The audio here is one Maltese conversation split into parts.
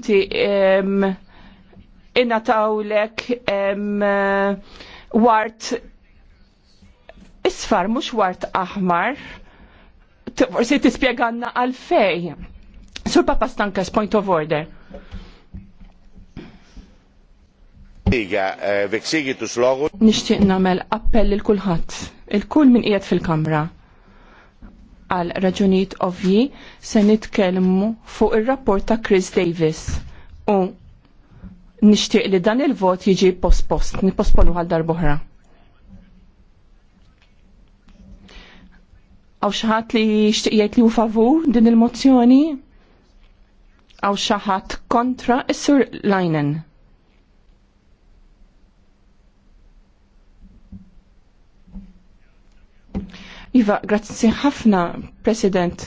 punti inatawlek wart isfar mhux wart aħmar forsi tispjeganna għalfej. Sur Papa Stankas, point of order. Eh, Nixtieq nagħmel appell il kulħadd il-kull min qiegħed fil-kamra għal raġunijiet ovvji se nitkellmu fuq ir-rapport ta' Chris Davis u nixtieq li dan il-vot jiġi pospost, niposponu għal darbohra. Għaw xaħat li xtieq jgħid li hu favur din il-mozzjoni? Għaw xaħat kontra is-sur Lajnen. Iva, grazzi ħafna, President.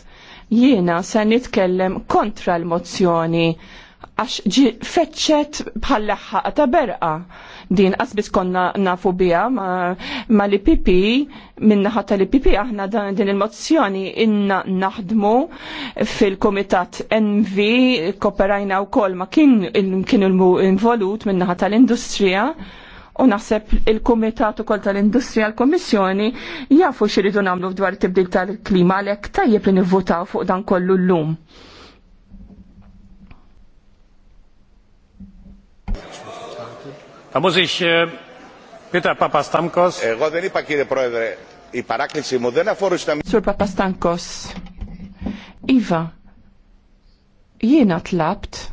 Jiena se nitkellem kontra l-mozzjoni għax ġi feċċet bħal ħaqa ta' berqa. Din qasbis konna nafu biha ma, ma li pipi, minna ħata li pipi aħna dan din il-mozzjoni inna naħdmu fil-komitat NV, koperajna u kol ma kien, kien involut ħata tal-industrija u naħseb il-Kumitat ukoll tal-Industrija l-Kommissjoni jafu xiridu nagħmlu dwar tibdil tal-klima għalhekk tajjeb li nivvutaw fuq dan kollu llum. lum μου ζήσει, iva, jiena tlabt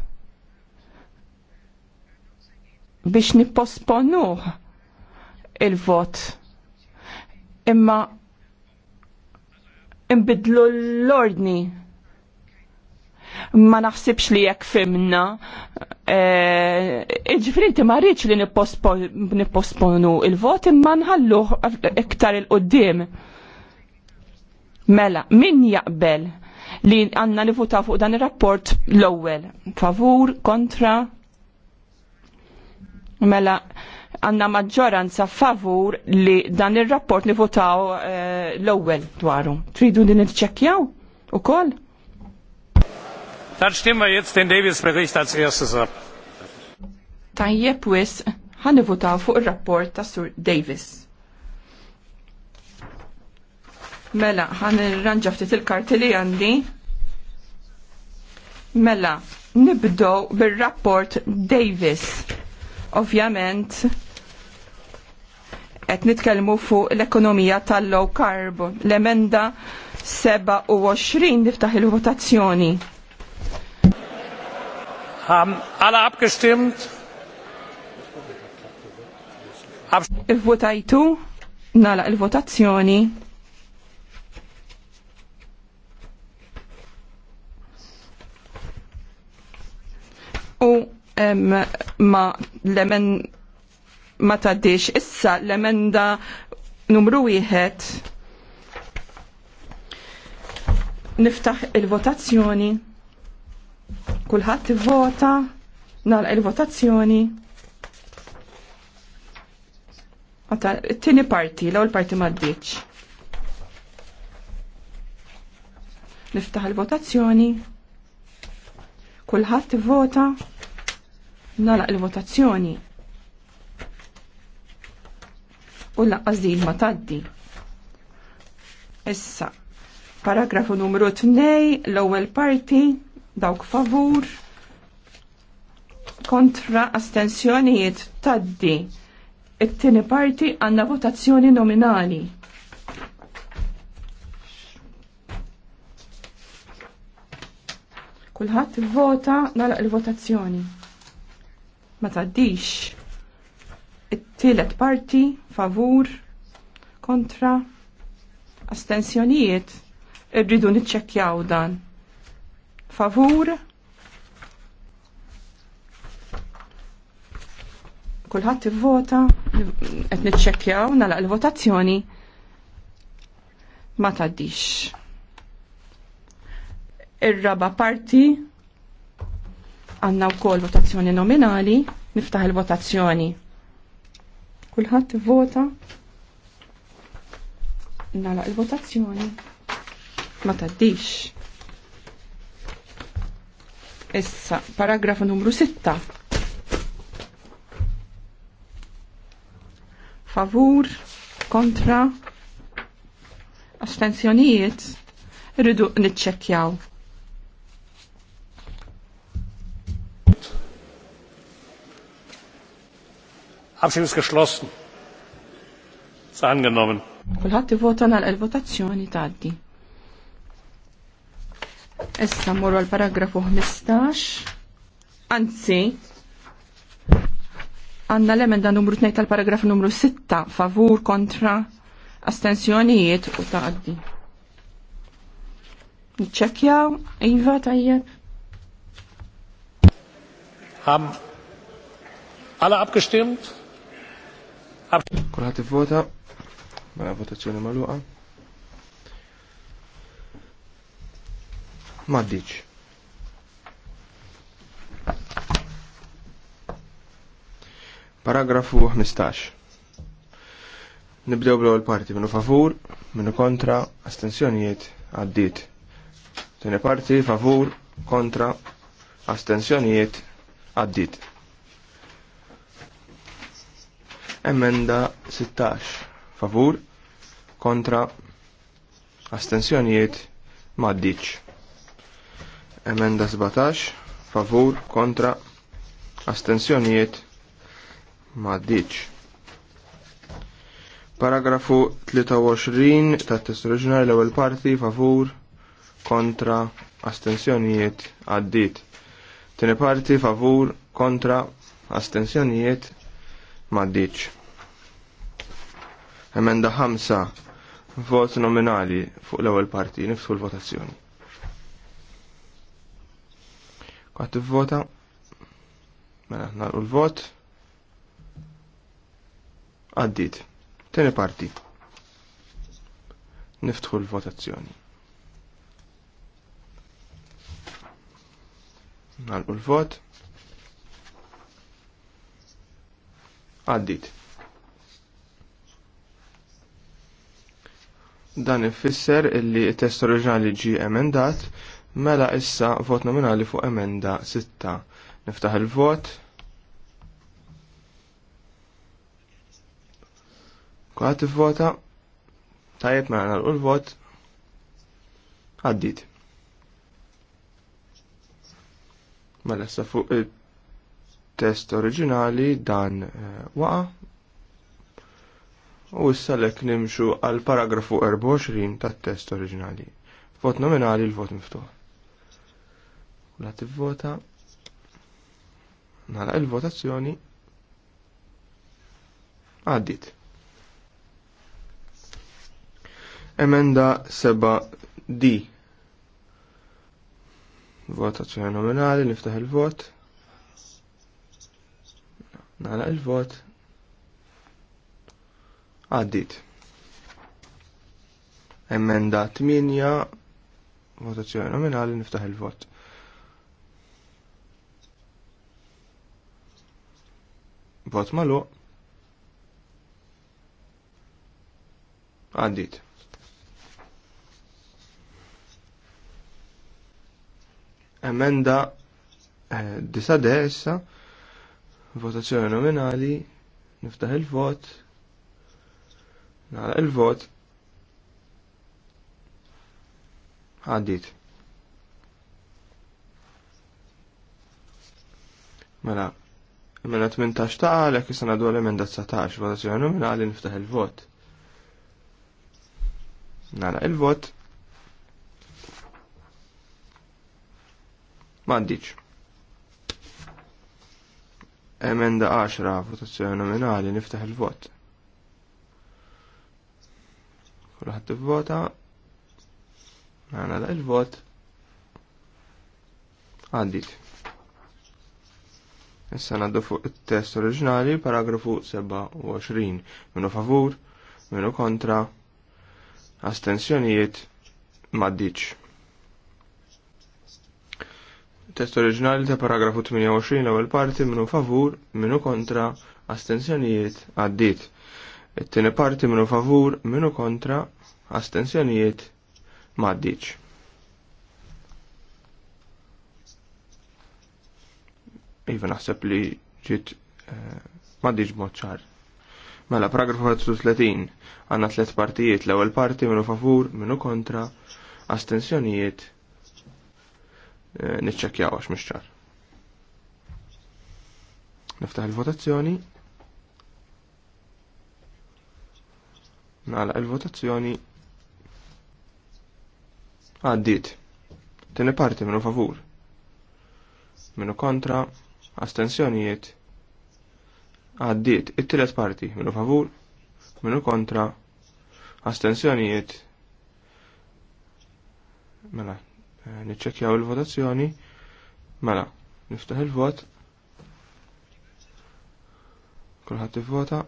biex nipposponuh il-vot. Imma imbidlu l-ordni. Ma naħsibx li jekk fimna. Eh, iġifri inti ma rridx li nipposponu il-vot imma nħalluh iktar il-qoddim. Mela, min jaqbel li għanna nivutaw fuq dan il-rapport l-ewwel? Favur, kontra, Mela, għanna maġġoranza favur li dan il-rapport li votaw eh, l-ewwel dwaru. Tridu din iċċekkjaw ukoll? kol? stimmen wir jetzt den Davis-Bericht als erstes ab. Tajjeb wis votaw fuq ir-rapport ta' Sur Davis. Mela, ħan irranġa ftit il-karti li għandi. Mela, nibdow bir-rapport Davis. Ovvjament, qed nitkellmu fuq l-ekonomija tal-low carbon. L-emenda 27 niftaħ il-votazzjoni. abgestimmt? Il-votajtu nala il-votazzjoni. U ma lemen ma taddix. Issa l-emenda numru wieħed niftaħ il-votazzjoni. Kulħadd vota nagħlaq il-votazzjoni. it-tieni parti, l-ewwel parti ma ddiċ. Niftaħ il-votazzjoni. Kulħadd ivvota. vota nalaq il-votazzjoni. U laqqas din ma taddi. Issa, paragrafu numru 2, l-ewwel parti, dawk favur, kontra astensjonijiet taddi. It-tieni parti għandna votazzjoni nominali. Kulħadd vota nalaq il-votazzjoni ma taddix. It-tielet parti favur kontra astensjonijiet irridu niċċekkjaw dan. Favur kulħadd ivvota qed niċċekkjaw nagħlaq il-votazzjoni ma taddix. Ir-raba parti Għanna u kol votazzjoni nominali, niftaħ il-votazzjoni. Kulħadd vota. Nalaq il-votazzjoni. Ma taddix. Issa, paragrafu numru 6. Favur, kontra, astensjonijiet, rridu nitċekjaw. Abstimmung ist geschlossen. Ist angenommen. Kulħadd ivota nagħlaq il-votazzjoni tgħaddi. Issa mmorru għal paragrafu 15. Anzi, għandna l-emenda numru 2 tal-paragraf numru 6 favur kontra astensjonijiet u taqaddi. Nċekjaw, Iva tajjeb. Ham, alle abgestimmt? Kulħat vota mela votazzjoni maluqa. Maddiċ. Paragrafu 15. Nibdew bl-ewwel parti minnu favur, minnu kontra, astensjonijiet għaddit. Tieni parti favur, kontra, astensjonijiet għaddit. Emenda 16. Favur. Kontra. Astensjonijiet. Maddiċ. Emenda 17. Favur. Kontra. Astensjonijiet. Maddiċ. Paragrafu 23 tat test oriġinali l-ewwel parti favur kontra astensjonijiet għaddit. Tieni parti favur kontra astensjonijiet maddiċ. Emenda ħamsa vot nominali fuq l-ewwel parti nifsu l-votazzjoni. Kwatt vota mela nagħlqu l-vot għaddit. Tieni parti. Niftħu l-votazzjoni. Nalqu l-vot. għaddit. Dan ifisser illi test oriġinali ġi emendat, mela issa vot nominali fuq emenda 6. Niftaħ il-vot. Kwaħat vota tajib mela nalqu l-vot, għaddit. Mela issa fuq test oriġinali dan eh, waqa. U issa lek nimxu għal paragrafu 24 tat test oriġinali. Vot nominali l-vot miftuħ. Kulat vota Nala il-votazzjoni. Għaddit. Emenda 7D. Votazzjoni nominali, niftaħ il-vot. Nara il-vot. Għaddit. Emenda 8. Votazzjoni nominali niftaħ il-vot. Vot malu. Għaddit. Emenda eh, votazzjoni nominali, niftaħ il-vot, nara il-vot, għaddit. Mela, Mela 18 ta' għalek jisana dwar emenda 19, votazzjoni nominali niftaħ il-vot. Nara il-vot. Maddiċ. Emenda 10 votazzjoni nominali niftaħ il-vot. Kulħadd ivvota. Għana da il-vot. Għaddit. Issa naddu fuq it-test oriġinali paragrafu 27 minu favur, minu kontra, astensjonijiet maddiċ. Test oriġinali ta' paragrafu 28 l-ewwel parti minnu favur, minnu kontra, astensjonijiet għaddit. It-tieni parti minnu favur, minnu kontra, astensjonijiet m'għaddiċ. Iva naħseb li ġiet eh, m'għaddiġ mod ċar. Mela paragrafu 30 għandna tliet partijiet l-ewwel parti minnu favur, minnu kontra, astensjonijiet Eh, nitċekjaw għax mixċar. Niftaħ il-votazzjoni. Nagħlaq il-votazzjoni. Għaddit. Tieni parti minnu favur. Minnu kontra. Astensjonijiet. Għaddit. It-tielet parti minnu favur. Minnu kontra. Astensjonijiet. Mela, Eh, niċċekjaw il-votazzjoni. Mela, niftaħ il-vot. Kulħadd ivvota.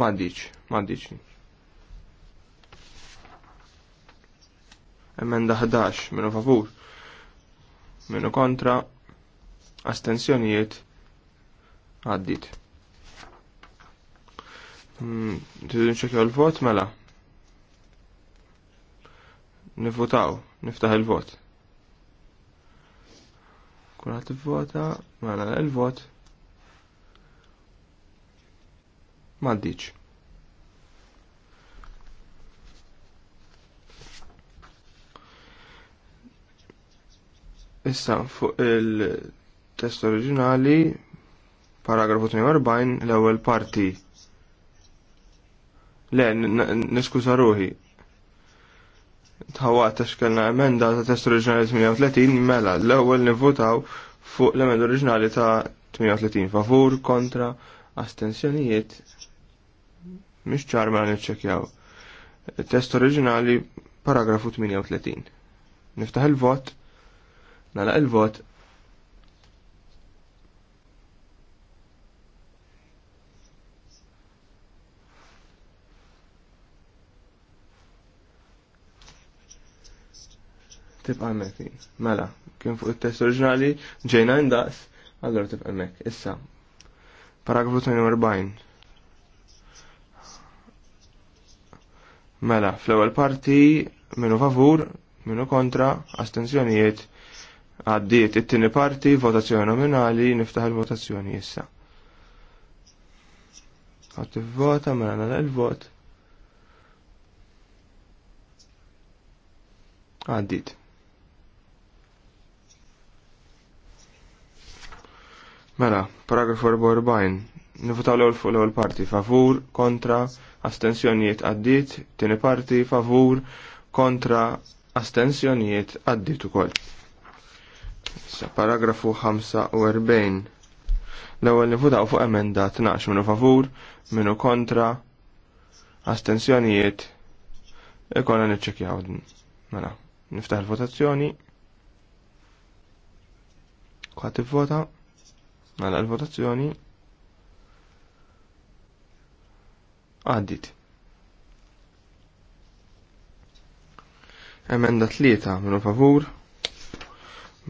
Maddiċ, maddiċ. Emenda 11, minu favur. Minu kontra, astensjonijiet, għaddit. Hmm, Tidin xekja l-vot mela? Nivvotaw, niftaħ il-vot. Kurat il-vota, mela il-vot. Maddiċ. Issa fuq il-test oriġinali, paragrafu 42, l-ewwel parti Le, niskuza ruħi. t taxkelna emenda ta' test oriġinali 38 mela l-ewwel nivvutaw fuq l-emenda oriġinali ta' 38 favur kontra astensjonijiet mhix ċar mela niċċekjaw. Test oriġinali paragrafu 38. Niftaħ il-vot, nalaq il-vot, tibqa' meki. Mela, kien fuq it-test oriġinali ġejna indaqs, allura tibqa' mek. Issa, paragrafu 42. Mela, fl-ewwel parti minu favur, minu kontra, astenzjonijiet, għaddiet it-tieni parti, votazzjoni nominali, niftaħ il-votazzjoni issa. Għat vota mela nara il-vot. Għaddiet. Mela, paragrafu 44. Nifutaw l ewel fuq l-ewwel parti favur, kontra, astensjonijiet għaddit, tieni parti favur, kontra, astensjonijiet għaddit ukoll. Issa paragrafu 45. L-ewwel nifutaw fuq emenda 12 minu favur, minu kontra, astensjonijiet ikonna niċċekjaw din. Mela, niftaħ il-votazzjoni. Kwa vota Għala mela, l-votazzjoni. Għaddit. Emenda tlieta minu favur,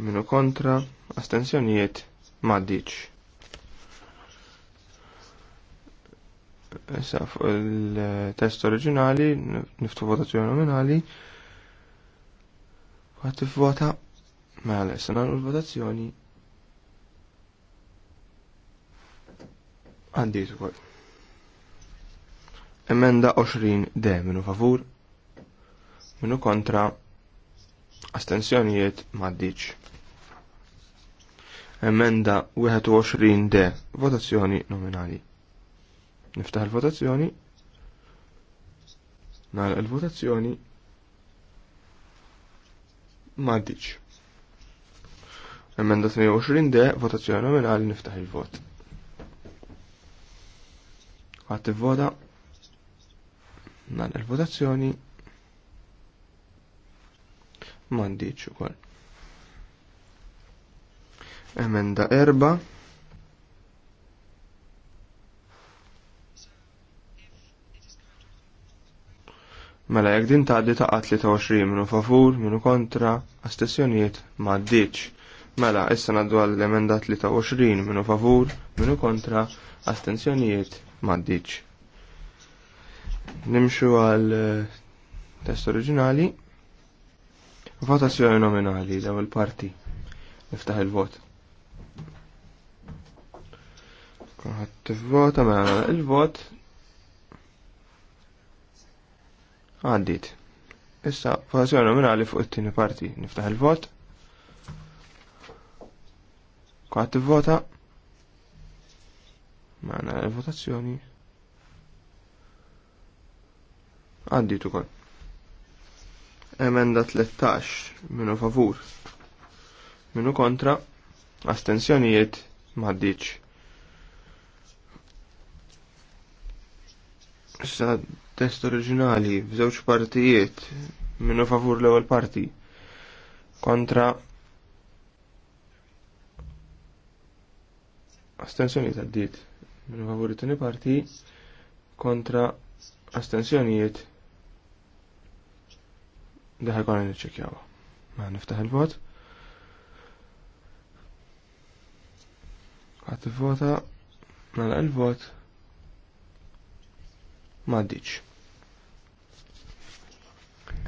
minu kontra, astensjonijiet maddiċ. Issa fuq il-test oriġinali, niftu votazzjoni nominali, għatif vota ma mela, għalessa nagħmlu l-votazzjoni Għaddit ukoll. Emenda 20 de minu favur, minu kontra, astensjonijiet maddiċ. Emenda 21 de votazzjoni nominali. Niftaħ il-votazzjoni. Nal il-votazzjoni. Maddiċ. Emenda 22 de votazzjoni nominali niftaħ il-vot. Għat t-voda, Nan il-votazzjoni Mandiċ ukoll. Emenda erba. Mela jekk din tgħaddi ta' 23 minu favur, minu kontra, astessjonijiet m'għaddiċ. Mela issa ngħaddu għall-emenda 23 minu favur, minu kontra, astensjonijiet maddiċ. Nimxu għal eh, test oriġinali. Votazzjoni nominali daw il-parti. Niftaħ il-vot. Għat vota ma mela, il-vot. Għaddit. Issa, votazzjoni nominali fuq it-tini parti. Niftaħ il-vot. Għat vota. Maħna votazzjoni. Għaddit ukoll. Emenda 13 minu favur. Minu kontra. Astensjonijiet maħddiċ. Issa test oriġinali f'żewġ partijiet minnu favur l-ewwel parti kontra astensjoni tad-diet minn favur it-tieni parti kontra astensjonijiet daħal konna niċċekjaw. Ma niftaħ il-vot. Għat il-vota, nalaq il-vot, ma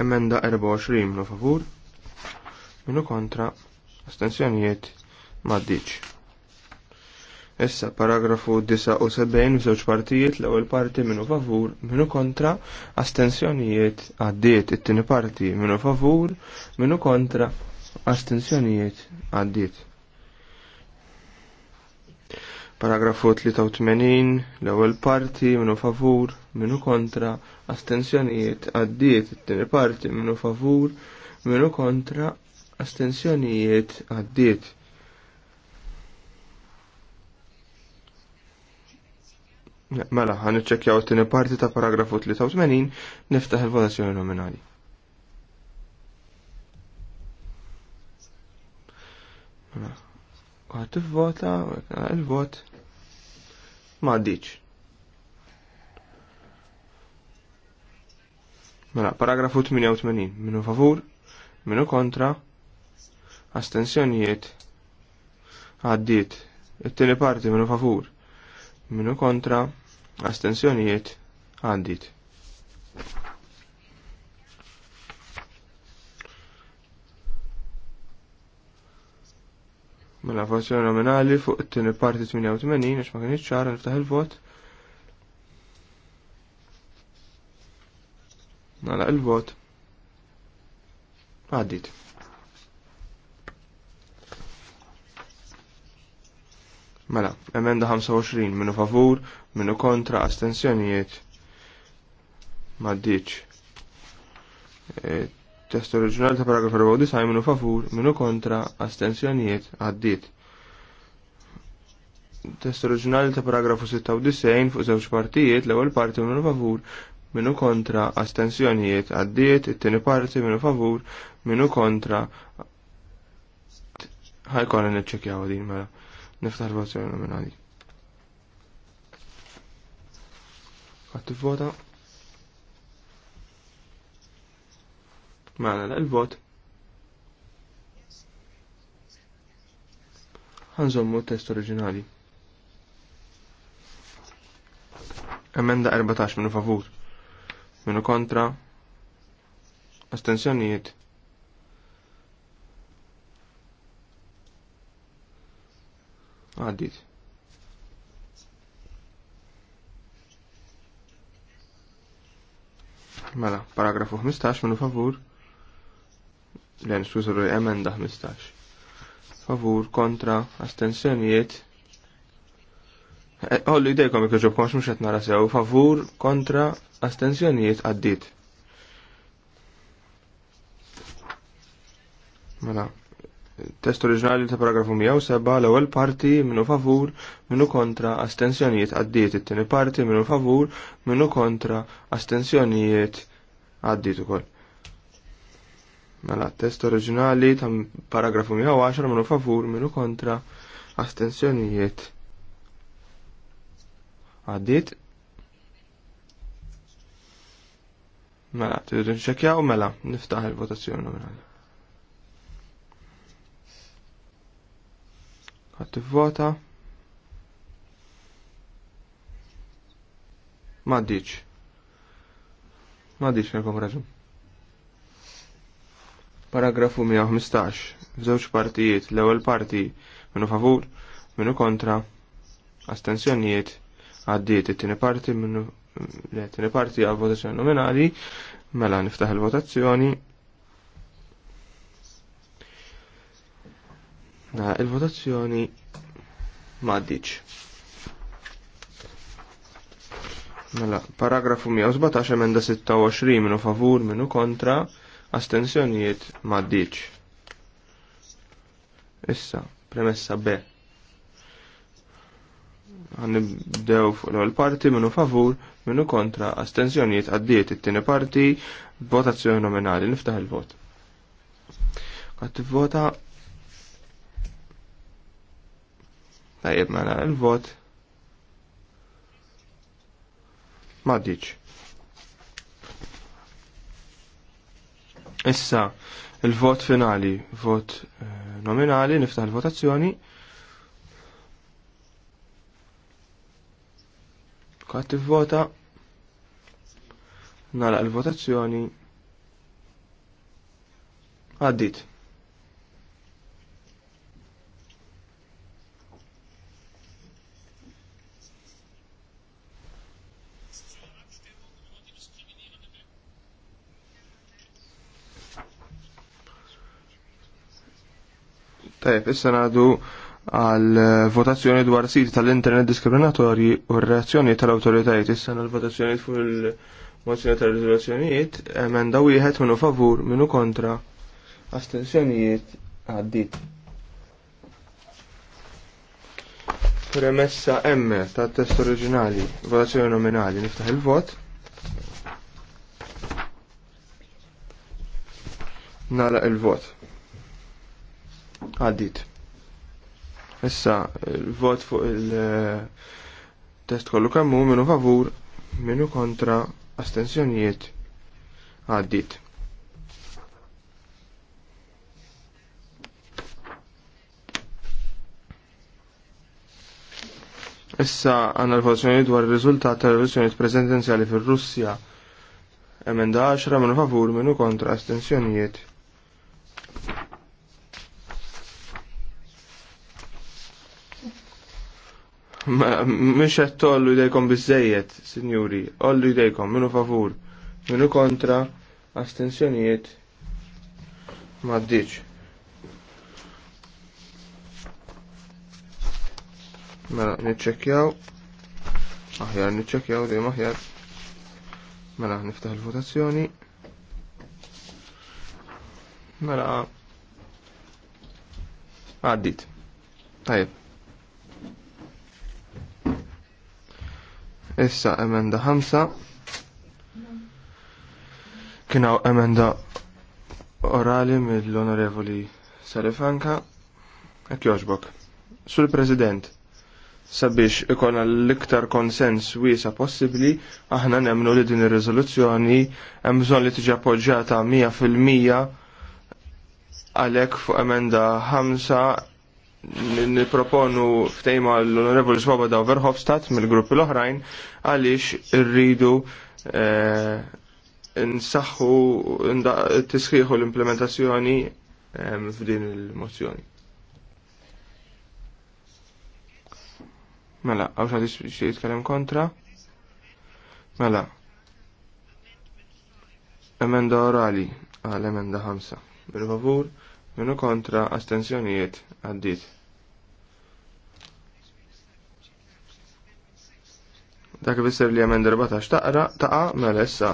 Emenda 24 minu favur, minu kontra, astensjonijiet ma Issa paragrafu 79 f'żewġ partijiet l-ewwel parti minnu favur minnu kontra astensjonijiet għaddiet it-tieni parti minnu favur minnu kontra astensjonijiet għaddiet. Paragrafu 83 l-ewwel parti minnu favur minnu kontra astensjonijiet għaddiet it-tieni parti minnu favur minnu kontra astensjonijiet għaddiet Mela, għan iċċekjaw t-tini parti ta' paragrafu 83, niftaħ il-votazzjoni nominali. Mela, għat vota il-vot, ma' diċ. Mela, paragrafu 88, minu favur, minu kontra, astensjonijiet, għaddit, it-tini parti minu favur, minu kontra, astensjonijiet għandit. Mela votazzjoni nominali fuq it-tieni parti 88 għax ma kienx ċara niftaħ il-vot. Nagħlaq mela, il-vot. Għaddit. Mela, emenda 25 minu favur, minu kontra, astensjonijiet. Maddiċ. E, Test oriġinali ta' paragraf 49 minu favur, minu kontra, astensjonijiet, għaddit. Test oriġinali ta' paragrafu 96 fuq żewġ partijiet, l-ewwel parti minu favur, minu kontra, astensjonijiet, għaddiet, it-tieni parti minu favur, minu kontra, ħajkolla niċċekjaw din mela niftaħ il-votazzjoni nominali. Għattu vota. Mela, il-vot. Għanżommu test oriġinali. Emenda 14 minu favur. Minu kontra. Astenzjonijiet. għaddit. Mela, paragrafu 15 minu favur. l Len, sużru emenda 15. Favur, kontra, astensjonijiet. Eh, ollu idejkom ikġobkom xmux qed nara sew. Favur, kontra, astensjonijiet għaddit. Mela, Test oriġinali ta' paragrafu 107 l-ewwel parti minnu favur minnu kontra astensjonijiet għaddiet it-tieni parti minnu favur minnu kontra astensjonijiet għaddiet ukoll. Mela test oriġinali ta' paragrafu 110 minnu favur minnu kontra astensjonijiet għaddiet. Mela, tridu nċekjaw mela, niftaħ il-votazzjoni nominali. Għat vota. Maddiċ. Maddiċ nilkom raġun. Paragrafu 115. Żewġ partijiet, l-ewwel parti minnu favur, minnu kontra, astensjonijiet, għaddiet it-tieni parti minnu le tieni parti għal votazzjoni nominali, mela niftaħ il-votazzjoni. Na, il-votazzjoni maddiċ. Mela, paragrafu 117 emenda 26 minu favur minu kontra astensjonijiet maddiċ. Issa, premessa B. Għannibdew fuq l-ewwel parti minu favur minnu kontra astensjonijiet għaddiet it-tieni parti votazzjoni nominali niftaħ il-vot. Qatt vota Tajjeb mela il-vot. diċ. Issa, il-vot finali, vot eh, nominali, niftaħ il-votazzjoni. Kat vota Nalaq il-votazzjoni. Għaddit. Tajjeb, issa ngħadu għal votazzjoni dwar sit tal-internet diskriminatorji u r-reazzjoni tal-awtoritajiet. Issa għal votazzjoni fuq il-mozzjoni tal-riżoluzzjonijiet emenda wieħed minnu favur minnu kontra astensjonijiet għaddit. Premessa M ta' test oriġinali, votazzjoni nominali, niftaħ il-vot. Nala il-vot għaddit. Issa, il-vot fuq il-test kollu kammu minu favur, minu kontra, astensjonijiet għaddit. Issa għanna l-votazzjoni dwar il-riżultat tal-elezzjoni prezidenzjali fil-Russja. Emenda 10 minu favur minu kontra astensjonijiet Mux għed tollu jdejkom bizzejiet, signori, ollu jdejkom minu favur, minu kontra, astensjonijiet, maddiċ. Mela, nitċekjaw, aħjar nitċekjaw, dejjem aħjar. Mela, niftaħ il-votazzjoni. Mela, għaddit. Tajib. Issa emenda 5. hawn emenda orali mill-onorevoli Sarifanka. Ek joġbok. Sur President, sabiex ikollna l-iktar konsens wiesa possibbli, aħna nemnu li din ir-riżoluzzjoni hemm bżonn li tiġi appoġġjata 100% għalhekk fuq emenda 5 niproponu ftejma l-Onorevoli Swoboda u Verhofstadt mill-gruppi l-oħrajn għaliex rridu eh, nsaħħu tisħiħu l-implementazzjoni eh, f'din il-mozzjoni. Mela, għaw xa jitkellem kontra? Mela. Emenda orali għal emenda ħamsa. Bil-favur. Minu kontra astensjonijiet għaddit. Dak visser li emenda 14 taqra taqa mela issa.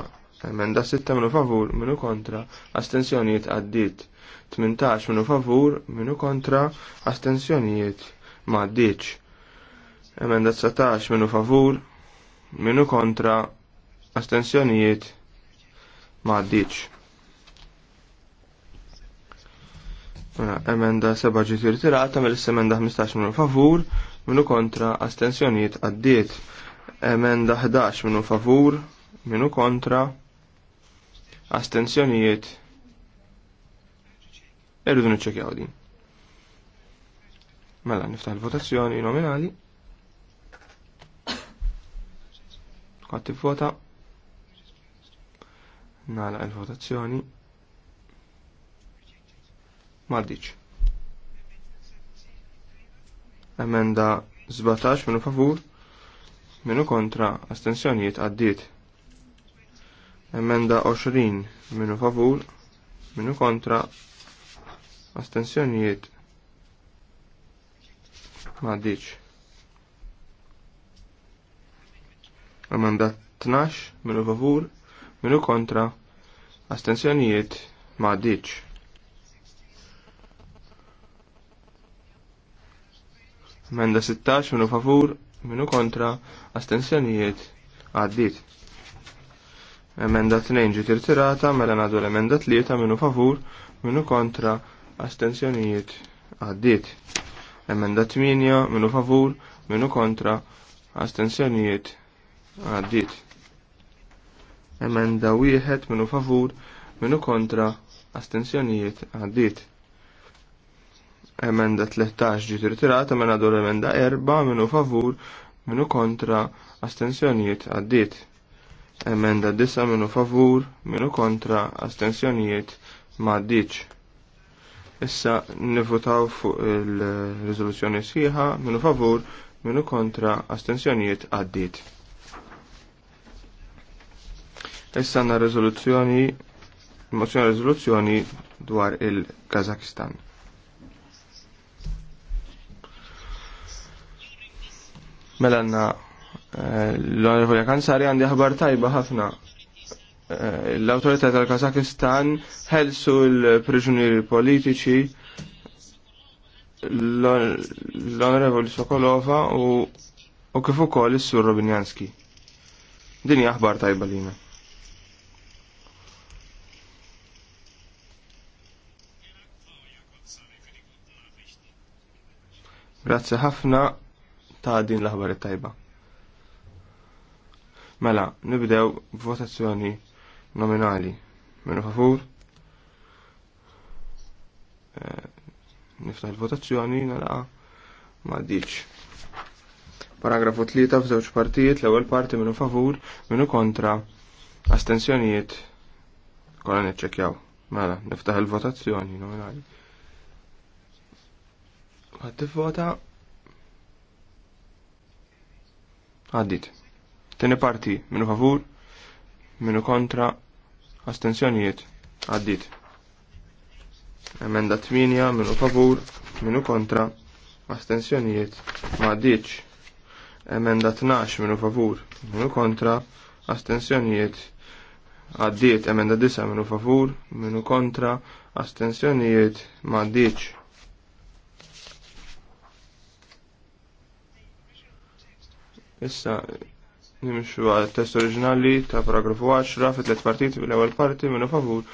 Emenda sitta minu favur minu kontra astensjonijiet għaddit. 18 minu favur minu kontra astensjonijiet ma għaddiċ. da 19 minu favur minu kontra astensjonijiet ma għaddiċ. Emenda 7 ġitir tirata, mill-emenda 15 minnu favur minnu kontra astensjoniet għaddiet. Emenda 11 minnu favur minnu kontra astensjoniet. Irridu niċċekjaw din. Mela niftaħ il-votazzjoni nominali. Katti vota. Nala il-votazzjoni. Maddiċ. Emenda 17 minu favur, minu kontra, astensjonijiet għaddiet. Emenda 20 minu favur, minu kontra, astensjonijiet għaddit. Emenda 12 minu favur, minu kontra, astensjoniet għaddit. Menda 16 minu favur, minu kontra, astensjonijiet għaddit. Emenda 2 ġi tirtirata, mela nadu l-emenda 3 minu favur, minu kontra, astensjonijiet għaddit. Emenda 8 minu favur, minu kontra, astensjonijiet għaddit. Emenda 1 minu favur, minu kontra, astensjonijiet għaddit emenda 13 ġiet ritirata minn għadu l-emenda 4 minnu favur minnu kontra astensjonijiet għaddit. Emenda 9 minnu favur minnu kontra astensjonijiet ma għaddit. Issa nivutaw fuq il-rizoluzzjoni sħiħa minnu favur minnu kontra astensjonijiet għaddit. Issa na rizoluzzjoni, mozzjoni rizoluzzjoni dwar il-Kazakistan. Melanna, eh, l-onorevoli Kanzari għandi ħabar tajba ħafna. Eh, l-autorità tal-Kazakistan ħelsu l-priġunieri politiċi l-onorevoli Sokolova u kif ukoll is-sur Robinjanski. Din hija aħbar tajba lina. Grazie ħafna ta' din l-aħbar tajba. Mela, nibdew votazzjoni nominali. Minu favur. Eh, niftaħ il-votazzjoni nalaqa ma' diċ. Paragrafu 3 f'żewġ partijiet, l-ewwel parti minu favur, minu kontra, astensjonijiet, kolla neċċekjaw. Mela, niftaħ il-votazzjoni nominali. Għad tifvota. Għaddit. Tieni parti minu favur, minu kontra, astensjonijiet. Għaddit. Emenda 8 minu favur, minu kontra, astensjonijiet. Ma għaddiċ. Emenda 12 minu favur, minu kontra, astensjonijiet. għaddit. emenda 9 minu favur, minu kontra, astensjonijiet. Ma għaddiċ Issa nimxu għal test oriġinali ta' paragrafu 10 fit tliet partit l-ewwel parti minnu favur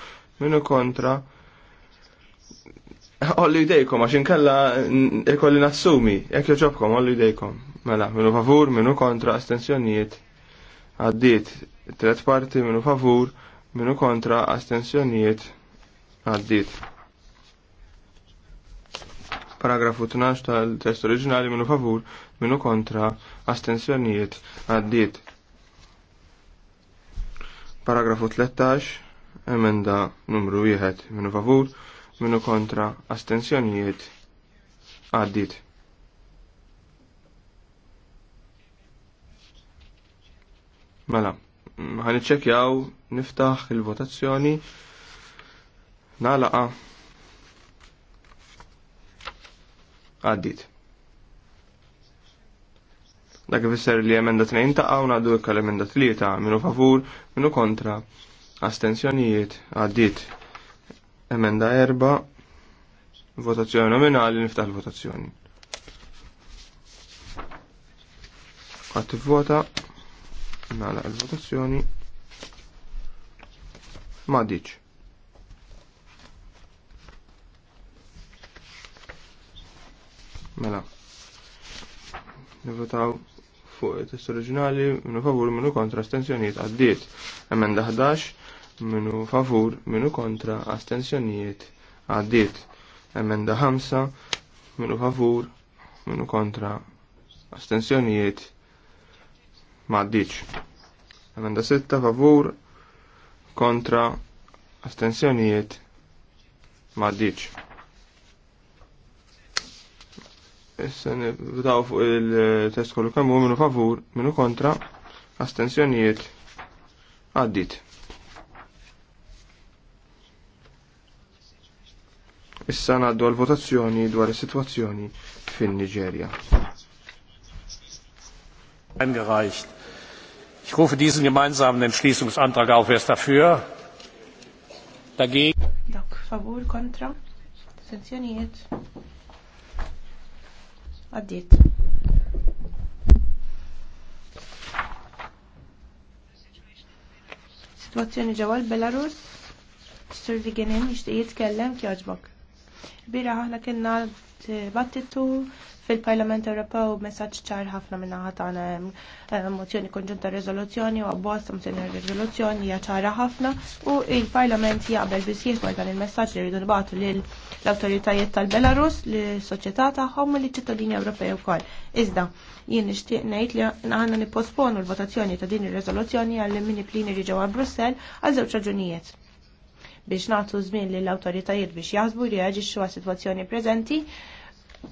minnu kontra. għolli idejkom, għax inkella ikolli nassumi, jekk joġobkom, għolli idejkom. Mela, minnu favur, minnu kontra, astensjonijiet. Għaddit, tret parti minnu favur, minnu kontra, astensjonijiet. Għaddit. Paragrafu 12 tal-test oriġinali minnu favur, minnu kontra, astensjonijiet għaddiet. Paragrafu 13, emenda numru 1, minnu favur, minnu kontra, astensjonijiet għaddiet. Mela, ħanitċekjaw, niftaħ il-votazzjoni, nalaqa Għaddit. Dak ifisser li emenda tnejn ta' għawna għaddu ikka l-emenda tlieta minu favur, minu kontra, astensjonijiet, għaddit. Emenda erba, votazzjoni nominali, niftaħ l-votazzjoni. Għat vota nala l-votazzjoni, ma diċ. Mela. Nivvotaw fuq il-test oriġinali minnu favur minnu kontra astensjonijiet għaddiet. Emenda 11 minnu favur minnu kontra astensjonijiet għaddiet. Emenda 5 minnu favur minnu kontra astensjonijiet maddiċ. Emenda 6 favur kontra astensjonijiet maddiċ. Issa nibdaw fuq il-test kollu kemm huwa minnu favur, minnu kontra, astensjonijiet għaddit. Issa ngħaddu għal votazzjoni dwar is-sitwazzjoni fin-Niġerja. Angereicht. Ich rufe diesen gemeinsamen Entschließungsantrag auf. Wer ist dafür? Dagegen? Dank. favor, contra. Sensioniert. Għaddiet. Situazzjoni ġewwa l-Belarus. Sir Viginin jixtieq jitkellem kjoġbok. Bira aħna kellna battitu fil-Parlament Ewropew messaġġ ċar ħafna minna ħatana eh, mozzjoni konġunta riżoluzzjoni u abbozz mozzjoni rezoluzzjoni hija ċara ħafna u il-Parlament jaqbel bisjiet dwar dan il-messaġġ li rridu nibgħatu lill l-awtoritajiet tal-Belarus, lis-soċjetà tagħhom u liċ-ċittadini Ewropej ukoll. Iżda, jien nixtieq ngħid li aħna nipposponu l-votazzjoni ta' din ir-riżoluzzjoni għal mini plineri ġewwa Brussell għal żewġ raġunijiet biex nagħtu żmien lill-awtoritajiet biex jaħsbu li jaġixxu għas-sitwazzjoni preżenti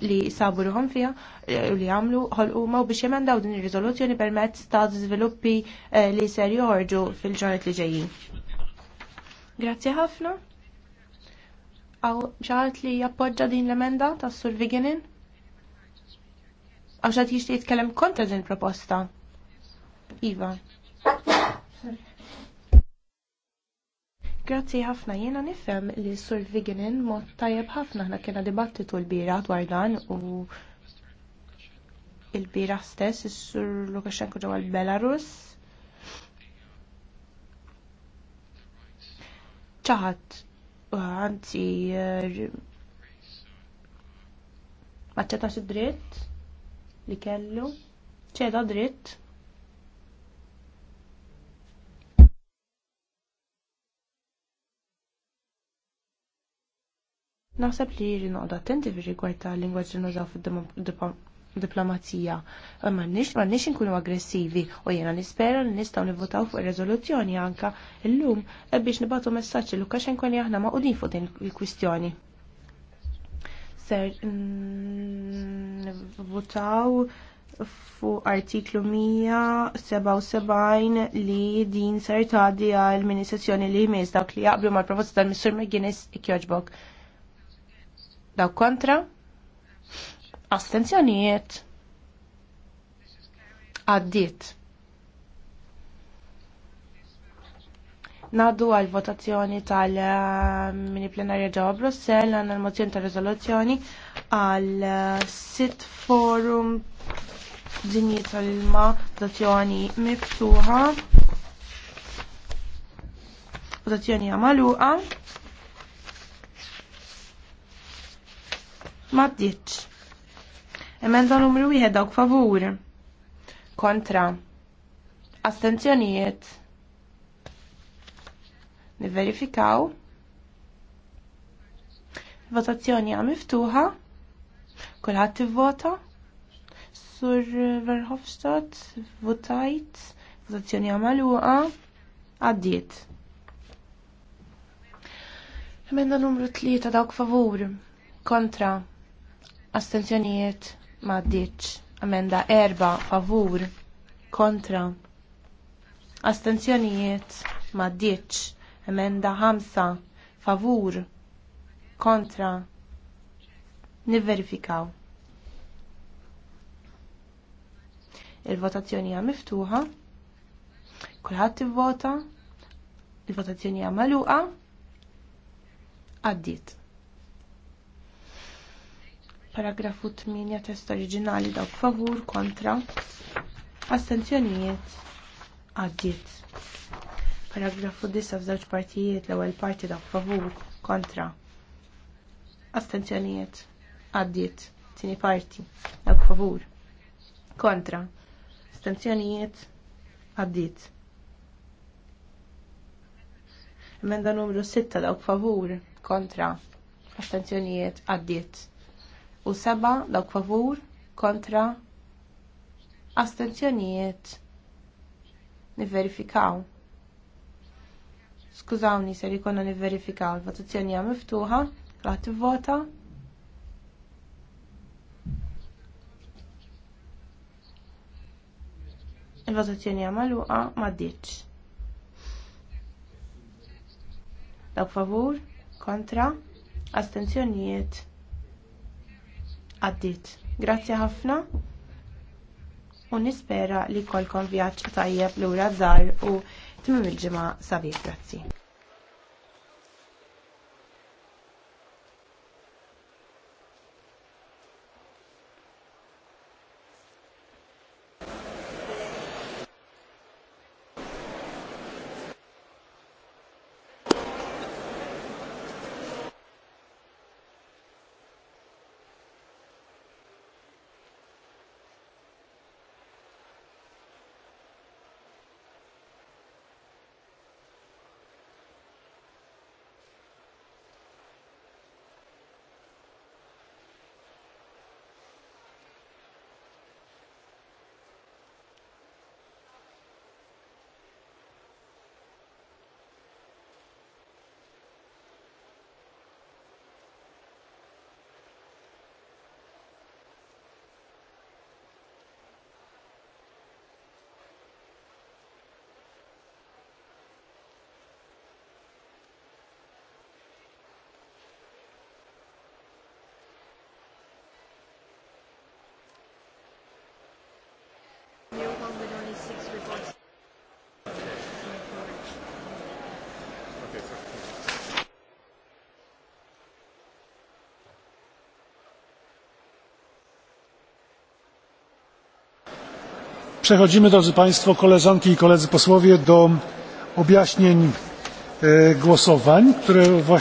li sabu ruħom fija eh, u li għamlu ħolquma u biex jemendaw din ir-riżoluzzjoni permezz ta' żviluppi eh, li ser joħorġu fil-ġurnat li ġejjin. Grazzi ħafna. Għaw xaħat li jappoġġa din l-emenda ta' Sur Vigenin? Għaw xaħat jishti jitkellem kontra din proposta? Iva. Grazzi ħafna jiena nifhem li Sur Vigenin mod tajjeb ħafna ħna kena dibattitu l-bira dwar dan u il-bira stess is-Sur Lukashenko ġewwa l-Belarus. ċaħat anzi maċċetax id-dritt li kellu ċeda dritt Naħseb li jiri noqda attenti fi rigward ta' lingwaġġ li nużaw fid-diplomazija. Ma nix nkunu aggressivi u jena nispera li nistaw nivvotaw fuq ir-reżoluzzjoni anka illum biex nibatu messaġġ li Lukashenko li aħna maqudin fuq din il-kwistjoni ser nivvotaw fu artiklu 177 li din ser tadi għal mini sessjoni li jmiss dak li jaqblu mal proposta tal-Missur McGuinness ikjoġbok daw kontra, astenzjonijiet, għaddit. Naddu għal votazzjoni tal eh, mini plenarja ġewwa Brussell għandna l-mozzjoni tal riżoluzzjoni għal eh, sit forum dinji tal-ilma votazzjoni miftuħa votazzjoni għamaluqa. ma ddiċ. Emenda numru wieħed dawk favur. Kontra. Astenzjonijiet. Niverifikaw. Votazzjoni għam miftuħa. Kulħadd vota Sur Verhofstadt, votajt. Votazzjoni għam għaluqa. Għaddiet. Emenda numru tlieta dawk favur. Kontra Astenzjonijiet maddiċ. Amenda erba favur kontra. Astenzjonijiet maddiċ. Amenda ħamsa favur kontra. Nivverifikaw. Il-votazzjoni hija miftuħa. Kulħadd ivvota. Il-votazzjoni hija magħluqa. Għaddiet. Paragrafu 8 test oriġinali dawk favur kontra astenzjonijiet għaddiet. Paragrafu 9 f'żewġ partijiet l-ewwel parti dawk favur kontra astenzjonijiet għaddiet. Tieni parti dawk favur kontra astenzjonijiet għaddiet. Emenda numru 6 dawk favur kontra astenzjonijiet għaddiet u seba dawk favur kontra astenzjonijiet niverifikaw. Skużawni se jkollna niverifikaw il-votazzjoni hija miftuħa, raħt vota. Il-votazzjoni hija magħluqa ma ditx. Dawk favur, kontra, astenzjonijiet għaddit. Grazzi ħafna u nispera li kolkom vjaġġ tajjeb lura żgħar u tmim il-ġimgħa sabiħ. Grazzi. one with only six reports. Przechodzimy, drodzy Państwo, koleżanki i koledzy posłowie, do objaśnień e, głosowań, które właśnie.